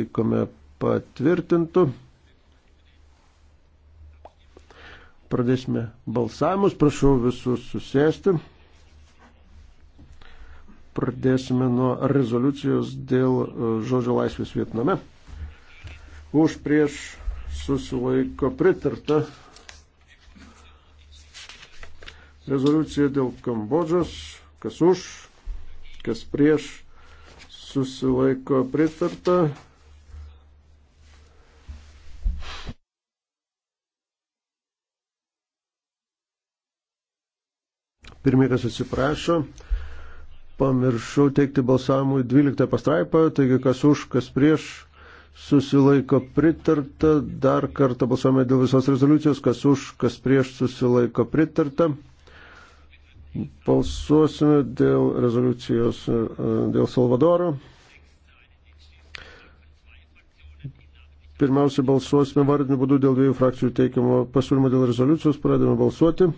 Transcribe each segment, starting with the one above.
laikome patvirtintų. Pradėsime balsavimus, prašau visus susėsti. Pradėsime nuo rezoliucijos dėl e, žodžio laisvės Vietname. Už prieš susilaiko pritarta rezoliucija dėl Kambodžos, kas už, kas prieš susilaiko pritarta. Pirmininkas atsiprašo. Pamiršau teikti balsavimui 12 pastraipą, taigi kas už, kas prieš, susilaiko pritarta. Dar kartą balsuojame dėl visos rezoliucijos, kas už, kas prieš, susilaiko pritarta. Balsuosime dėl rezoliucijos e, dėl Salvadoro. Pirmiausia, balsuosime vardiniu būdu dėl dviejų frakcijų teikimo pasiūlymo dėl rezoliucijos. Pradėjome balsuoti.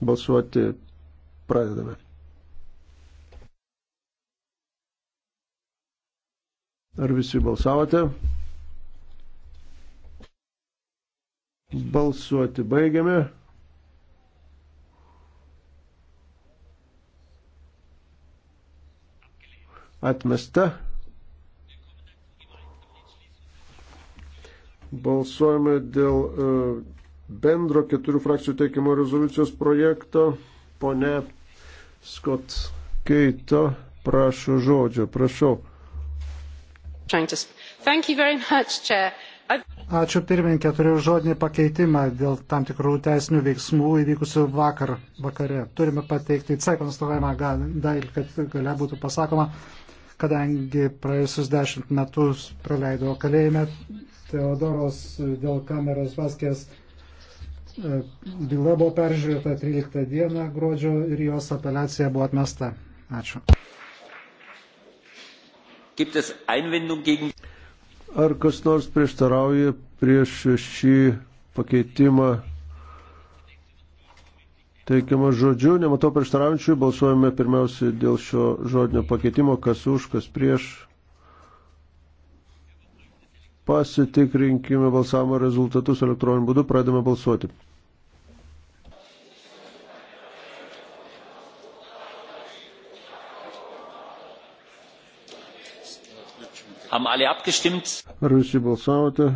Balsuoti pradedame. Ar visi balsavote? Balsuoti baigiame. Atmesta. Balsuojame dėl uh, bendro keturių frakcijų teikimo rezoliucijos projekto. Pone Scott Keito, prašau žodžio, prašau. Ačiū pirmininkė, turiu žodinį pakeitimą dėl tam tikrų teisinių veiksmų įvykusių vakar vakare. Turime pateikti C konstatuojamą dalį, kad galia būtų pasakoma, kadangi praėjusius dešimt metus praleido kalėjime Teodoros dėl kameros vaskės Byla buvo peržiūrėta 13 dieną gruodžio ir jos apeliacija buvo atmesta. Ačiū. Ar kas nors prieštarauja prieš šį pakeitimą teikiamą žodžiu? Nematau prieštaraujančių. Balsuojame pirmiausiai dėl šio žodinio pakeitimo. Kas už, kas prieš. Pasitikrinkime balsavimo rezultatus elektroniniu būdu. Pradame balsuoti. alle abgestimmt? Ar visi balsavote?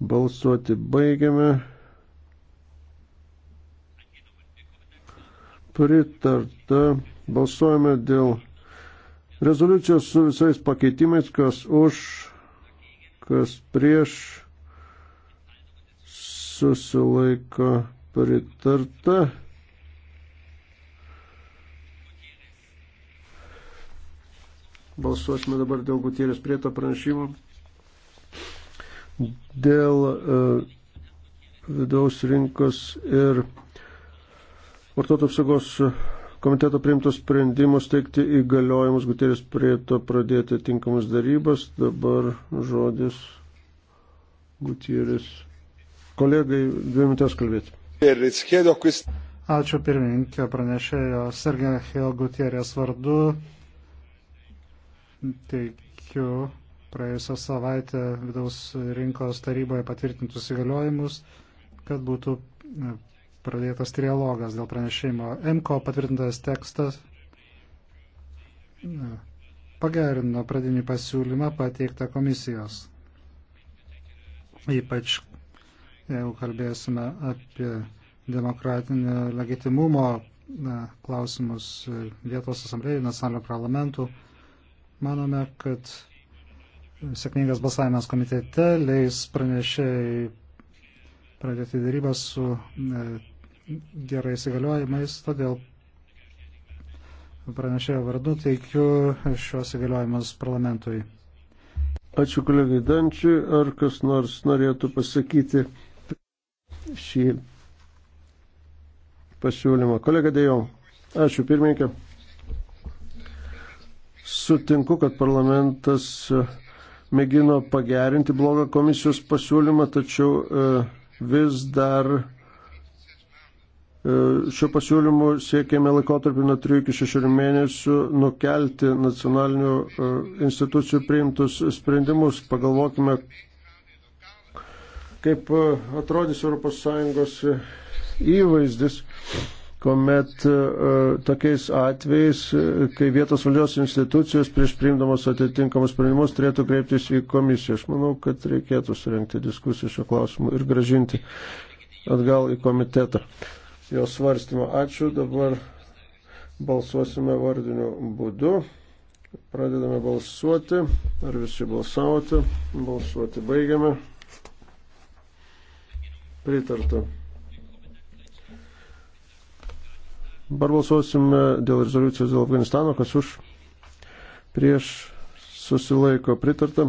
Balsuoti baigiame. Pritarta. Balsuojame dėl rezoliucijos su visais pakeitimais, kas už, kas prieš susilaiko pritarta. Balsuosime dabar dėl Gutierės prieto pranešimo. Dėl uh, vidaus rinkos ir vartotojų apsaugos komiteto priimtos sprendimus teikti įgaliojimus, Gutierės prieto pradėti tinkamas darybas. Dabar žodis Gutierės. Kolegai, dvi minutės kalbėti. Ačiū pirmininkė pranešėjo Sergio Gutierės vardu teikiu praėjusią savaitę vidaus rinkos taryboje patvirtintus įgaliojimus, kad būtų e, pradėtas trialogas dėl pranešimo. MCO patvirtintas tekstas e, pagerino pradinį pasiūlymą pateiktą komisijos. Ypač jeigu kalbėsime apie demokratinio legitimumo e, klausimus vietos asamblėjų, nacionalinių parlamentų Manome, kad sėkmingas balsavimas komitete leis pranešėjai pradėti darybas su e, gerais įgaliojimais, todėl pranešėjo vardu teikiu šios įgaliojimus parlamentui. Ačiū kolegai Dančiui, ar kas nors norėtų pasakyti šį pasiūlymą. Kolega Dėjau, ačiū pirmininkė. Sutinku, kad parlamentas e, mėgino pagerinti blogą komisijos pasiūlymą, tačiau e, vis dar e, šiuo pasiūlymu siekėme laikotarpį nuo 3 iki 6 mėnesių nukelti nacionalinių institucijų priimtus sprendimus. Pagalvokime, kaip atrodys ES įvaizdis kuomet e, e, tokiais atvejais, e, kai vietos valdžios institucijos prieš priimdamos atitinkamus sprendimus turėtų kreiptis į komisiją. Aš manau, kad reikėtų surinkti diskusiją šio klausimu ir gražinti atgal į komitetą. Jo svarstymą ačiū. Dabar balsuosime vardiniu būdu. Pradedame balsuoti. Ar visi balsavote? Balsuoti baigiame. Pritarta. Dabar balsuosime dėl rezoliucijos dėl Afganistano, kas už prieš susilaiko pritarta.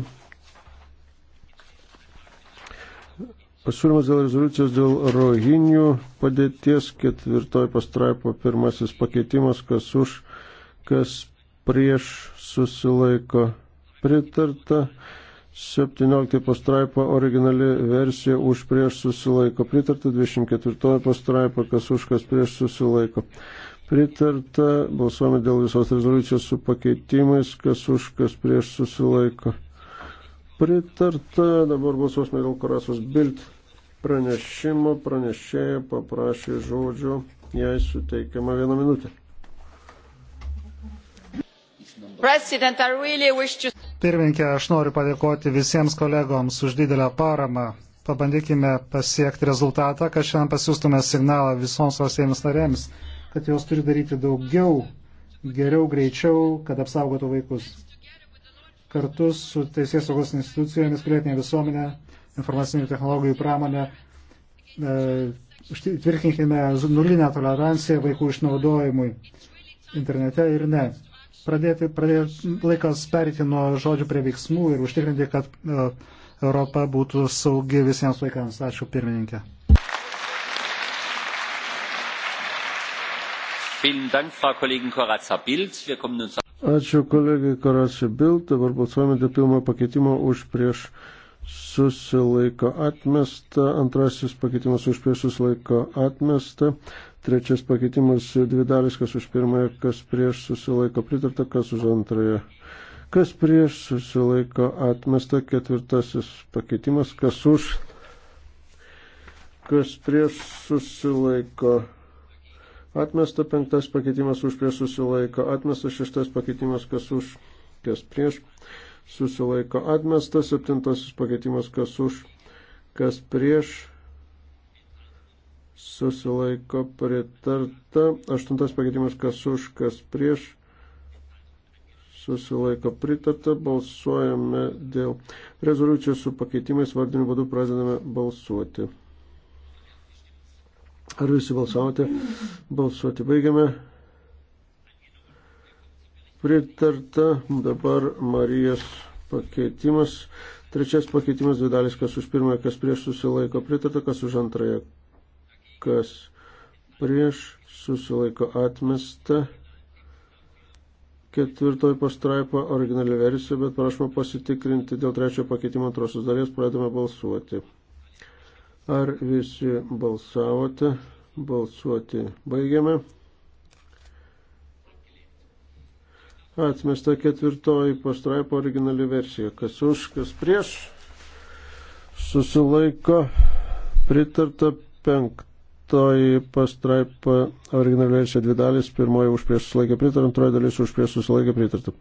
Pasiūlymas dėl rezoliucijos dėl rohinių padėties ketvirtoj pastraipo pirmasis pakeitimas, kas už, kas prieš susilaiko pritarta. 17 pastraipa originali versija už prieš susilaiko. Pritarta 24 pastraipa, kas už kas prieš susilaiko. Pritarta, balsuojame dėl visos rezoliucijos su pakeitimais, kas už kas prieš susilaiko. Pritarta, dabar balsuosime dėl Korasos Bild pranešimo, pranešėja paprašė žodžio, jai suteikiama viena minutė. President, I really wish to Pirminkė, aš noriu padėkoti visiems kolegoms už didelę paramą. Pabandykime pasiekti rezultatą, kad šiandien pasiūstume signalą visoms valstybėms narėms, kad jos turi daryti daugiau, geriau, greičiau, kad apsaugotų vaikus. Kartu su teisės saugos institucijomis, pilietinė visuomenė, informacinių technologijų pramonė, e, tvirtinkime nulinę toleranciją vaikų išnaudojimui internete ir ne pradėti, pradėti, laikas perėti nuo žodžių prie veiksmų ir užtikrinti, kad e, Europa būtų saugi visiems vaikams. Ačiū pirmininkė. Ačiū kolegai Koracija Bild, dabar balsuojame dėl pilno pakeitimo už prieš susilaiko atmesta, antrasis pakeitimas už prieš susilaiko atmesta, trečias pakeitimas dvi dalis, kas už pirmąją, kas prieš susilaiko pritarta, kas už antrąją, kas prieš susilaiko atmesta, ketvirtasis pakeitimas, kas už, kas prieš susilaiko atmesta. Atmesta penktas pakeitimas už prieš susilaiko. Atmesta šeštas pakeitimas kas už, kas prieš susilaiko atmestas, septintasis pakeitimas kas už, kas prieš, susilaiko pritarta, aštuntas pakeitimas kas už, kas prieš, susilaiko pritarta, balsuojame dėl rezoliucijos su pakeitimais, vardiniu būdu pradedame balsuoti. Ar visi balsavote? Balsuoti baigiame pritarta. Dabar Marijos pakeitimas. Trečias pakeitimas dvi dalis, kas už pirmąją, kas prieš susilaiko pritarta, kas už antrąją, kas prieš susilaiko atmesta. Ketvirtoji pastraipa originali versija, bet prašoma pasitikrinti dėl trečiojo pakeitimo antrosios dalies, pradame balsuoti. Ar visi balsavote? Balsuoti baigiame. Atmesta ketvirtoji pastraipa originali versija. Kas už, kas prieš. Susilaiko pritarta penktoji pastraipa originali versija dvi dalis. Pirmoji už prieš susilaikė pritarta, antroji dalis už prieš susilaikė pritarta.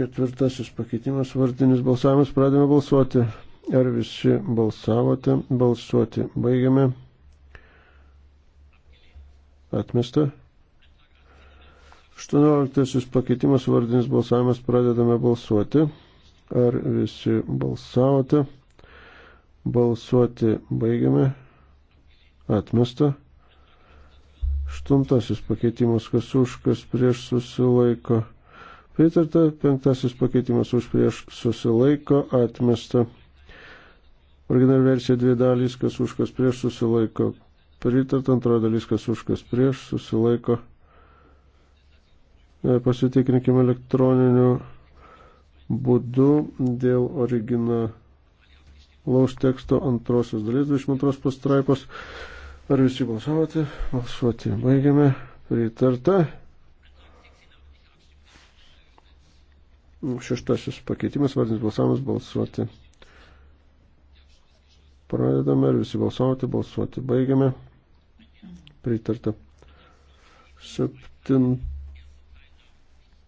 Ketvirtasis pakeitimas, vardinis balsavimas, pradėjome balsuoti. Ar visi balsavote? Balsuoti baigiame. Atmesta. 18 pakeitimas vardinis balsavimas pradedame balsuoti. Ar visi balsavote? Balsuoti baigiame. Atmesta. Aštuntasis pakeitimas, kas už, kas prieš susilaiko. Pritarta. Penktasis pakeitimas už prieš susilaiko. Atmesta. Original versija dvi dalys, kas už, kas prieš susilaiko. Pritarta antroji dalis, kas už, kas prieš susilaiko. E, pasitikrinkime elektroniniu būdu dėl originalaus teksto antrosios dalies 22 pastraipos. Ar visi balsavote? Balsuoti baigiame. Pritarta. Šeštasis pakeitimas, vardinis balsavimas, balsuoti. Pradedame, ar visi balsavote, balsuoti baigiame. Pritarta. Septinta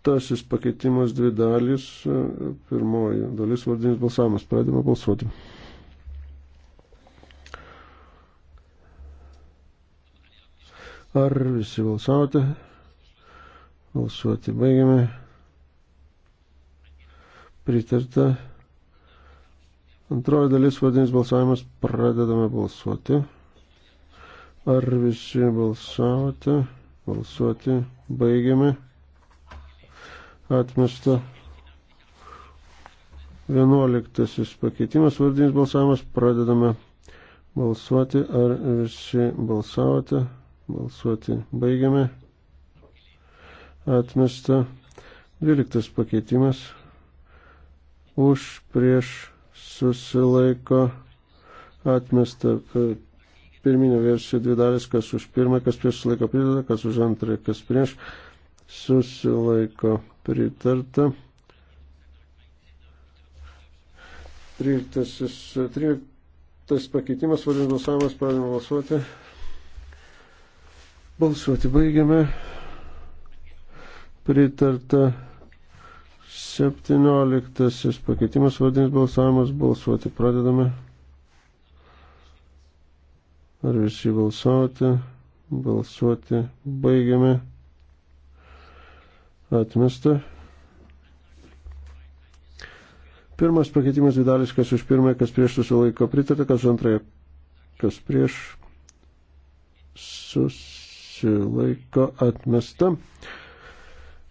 Tasis pakeitimas dvi dalys. Pirmoji dalis vardinis balsavimas. Pradėjome balsuoti. Ar visi balsavote? Balsuoti baigiame. Pritarta. Antroji dalis vardinis balsavimas. Pradedame balsuoti. Ar visi balsavote? Balsuoti baigiame atmesta. 11 pakeitimas, vardinis balsavimas, pradedame balsuoti, ar visi balsavote, balsuoti baigiame, atmesta. 12 pakeitimas, už prieš susilaiko, atmesta pirminė versija dvi dalis, kas už pirmą, kas prieš susilaiko prideda, kas už antrą, kas prieš susilaiko pritarta. 13, 13 pakeitimas, vadinas balsavimas, pradėjome balsuoti. Balsuoti baigiame. Pritarta 17 pakeitimas, vadinas balsavimas, balsuoti pradedame. Ar visi balsavote? Balsuoti baigiame Atmesta. Pirmas pakeitimas Vidalis, kas už pirmąją, kas prieš susilaiko pritarta, kas už antrąją, kas prieš susilaiko atmesta.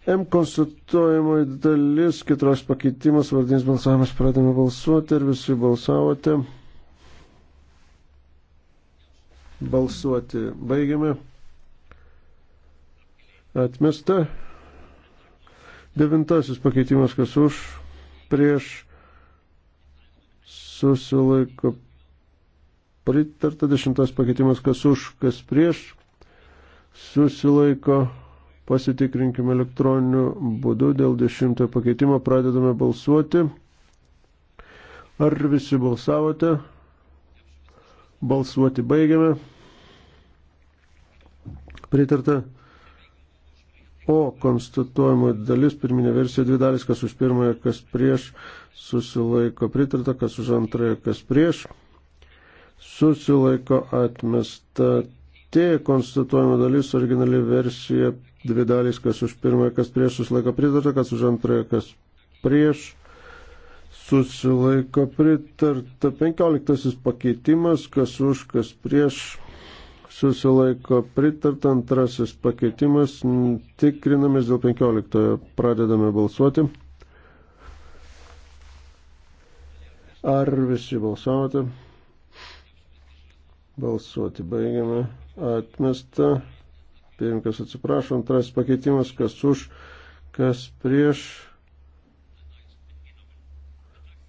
M konstatuojamoji dalis, kitos pakeitimas, vardinis balsavimas, pradėme balsuoti ir visi balsavote. Balsuoti baigiame. Atmesta. Devintasis pakeitimas, kas už, prieš, susilaiko pritarta. Dešimtas pakeitimas, kas už, kas prieš, susilaiko. Pasitikrinkime elektroniniu būdu dėl dešimtojo pakeitimo. Pradedame balsuoti. Ar visi balsavote? Balsuoti baigiame. Pritarta. O konstatuojama dalis, pirminė versija, dvi dalis, kas už pirmąją, kas prieš, susilaiko pritarta, kas už antrąją, kas prieš, susilaiko atmesta. T konstatuojama dalis, originali versija, dvi dalis, kas už pirmąją, kas prieš, susilaiko pritarta, kas už antrąją, kas prieš, susilaiko pritarta. Penkioliktasis pakeitimas, kas už, kas prieš susilaiko pritart antrasis pakeitimas, tikrinamės dėl 15. Pradedame balsuoti. Ar visi balsavote? Balsuoti baigiame. Atmesta. Pirmkas atsiprašo. Antrasis pakeitimas, kas už, kas prieš.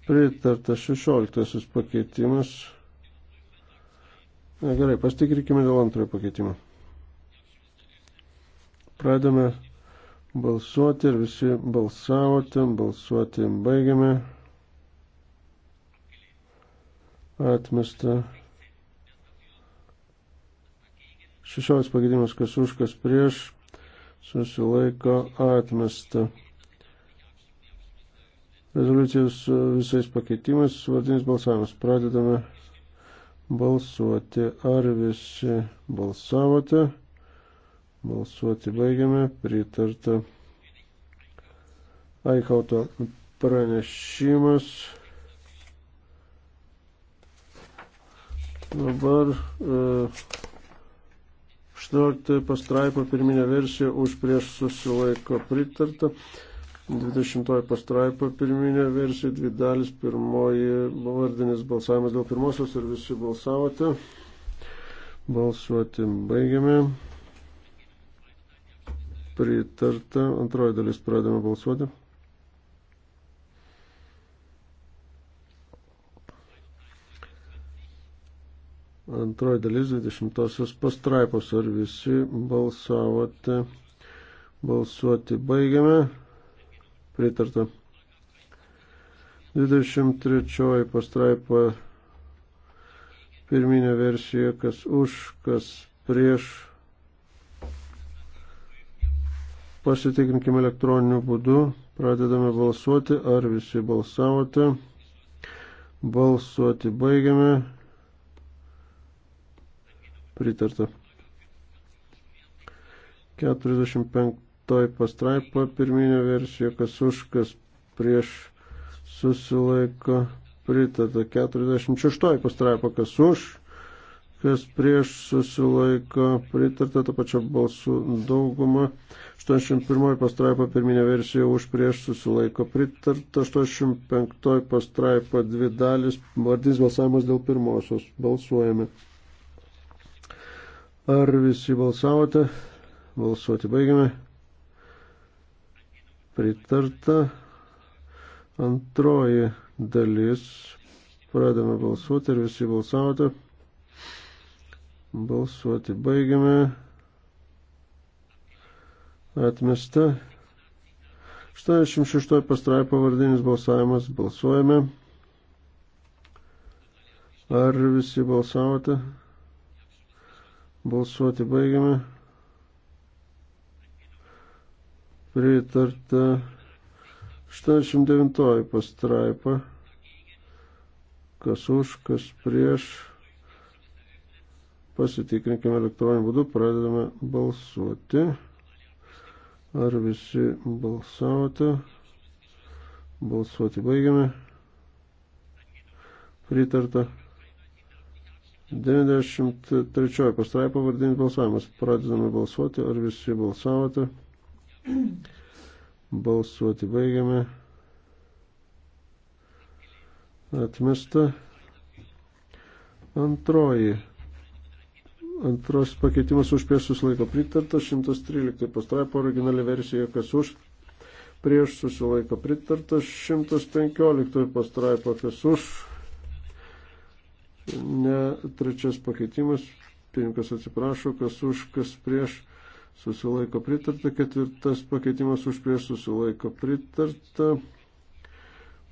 Pritartas 16 pakeitimas. Na gerai, pastikrinkime dėl antrojo pakeitimo. Pradame balsuoti ir visi balsavote, balsuoti baigiame. Atmesta. 16 pakeitimas, kas už, kas prieš, susilaiko atmesta. Rezoliucijos visais pakeitimais, vardinis balsavimas. Pradedame balsuoti. Ar visi balsavote? Balsuoti baigiame. Pritarta. Aikauto pranešimas. Dabar e, uh, 18 pastraipo pirminė versija už prieš susilaiko pritarta. 20 pastraipa pirminė versija, dvi dalis, pirmoji vardinis balsavimas dėl pirmosios ir visi balsavote. Balsuoti baigiame. Pritarta. Antroji dalis pradėjome balsuoti. Antroji dalis 20 pastraipos. Ar visi balsavote? Balsuoti baigiame pritarta. 23 pastraipa pirminė versija, kas už, kas prieš. Pasitikrinkime elektroniniu būdu, pradedame balsuoti, ar visi balsavote. Balsuoti baigiame. Pritarta. 45 toj pastraipo pirminė versija, kas už, kas prieš susilaiko pritarta. 46 pastraipo, kas už, kas prieš susilaiko pritarta, ta pačia balsų dauguma. 81 pastraipo pirminė versija už prieš susilaiko pritarta. 85 pastraipo dvi dalis, vardinis balsavimas dėl pirmosios. Balsuojame. Ar visi balsavote? Balsuoti baigiame pritarta. Antroji dalis. Pradame balsuoti ir visi balsavote. Balsuoti baigiame. Atmesta. 86 pastraipo vardinis balsavimas. Balsuojame. Ar visi balsavote? Balsuoti baigiame. pritarta 89 pastraipa, kas už, kas prieš. Pasitikrinkime elektroniniu būdu, pradedame balsuoti. Ar visi balsavote? Balsuoti baigiame. Pritarta. 93 pastraipa vardinis balsavimas. Pradedame balsuoti, ar visi balsavote? Balsuoti baigiame. Atmesta. Antroji. Antros pakeitimas už prieš susilaiko pritarta. 113 pastraipo originali versija, kas už prieš susilaiko pritarta. 115 pastraipo, kas už. Ne trečias pakeitimas. Pirinkas atsiprašo, kas už, kas prieš susilaiko pritarta, ketvirtas pakeitimas už prieš susilaiko pritarta.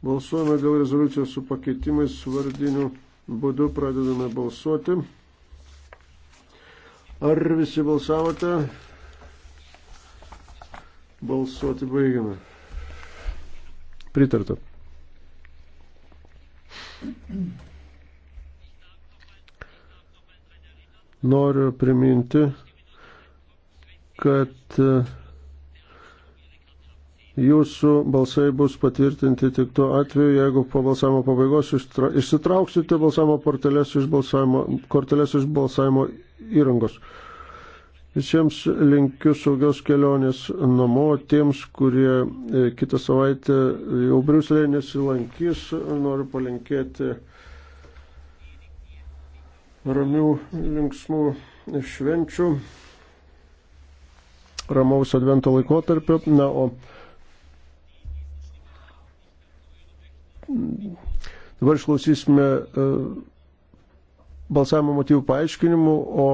Balsuojame dėl rezoliucijos su pakeitimais vardiniu būdu, pradedame balsuoti. Ar visi balsavote? Balsuoti baigiame. Pritarta. Noriu priminti kad e, jūsų balsai bus patvirtinti tik tuo atveju, jeigu po balsavimo pabaigos išsitrauksite balsavimo korteles iš balsavimo, korteles iš balsavimo įrangos. Visiems linkiu saugios kelionės namo, tiems, kurie e, kitą savaitę jau Briuselėje nesilankys, noriu palinkėti ramių, linksmų švenčių ramaus advento laikotarpio. Na, o dabar išklausysime e, balsavimo motyvų paaiškinimų, o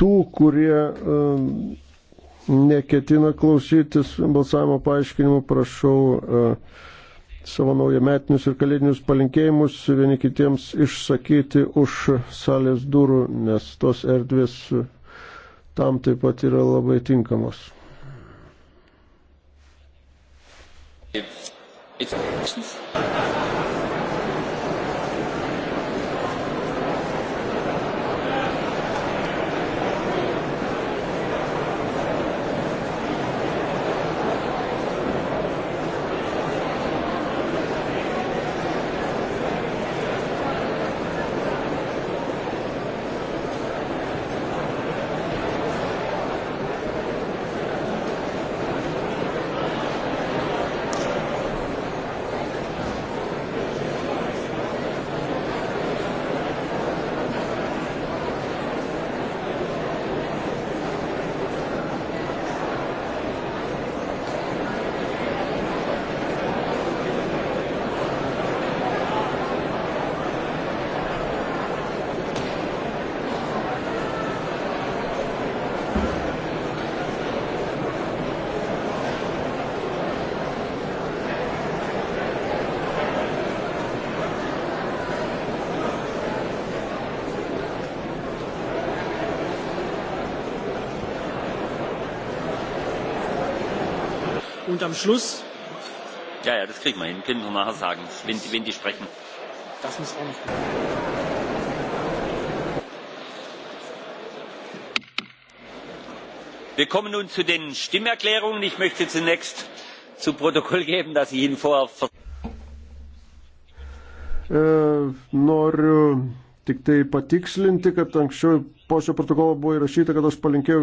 tų, kurie e, neketina klausytis balsavimo paaiškinimų, prašau e, savo naujametinius ir kalėdinius palinkėjimus vieni kitiems išsakyti už salės durų, nes tos erdvės tam taip pat yra labai tinkamos. It's... Und am Schluss. Ja, ja, das kriegen wir hin. Können wir nachher sagen, wenn, wenn die sprechen. Das muss auch noch kommen. wir kommen nun zu den stimmerklärungen. ich möchte zunächst zu protokoll geben dass ich ihnen vorher äh, noriu tik tai patikslinti kad anksčiau po šio protokolo buvo įrašyta kad aš palinkėjau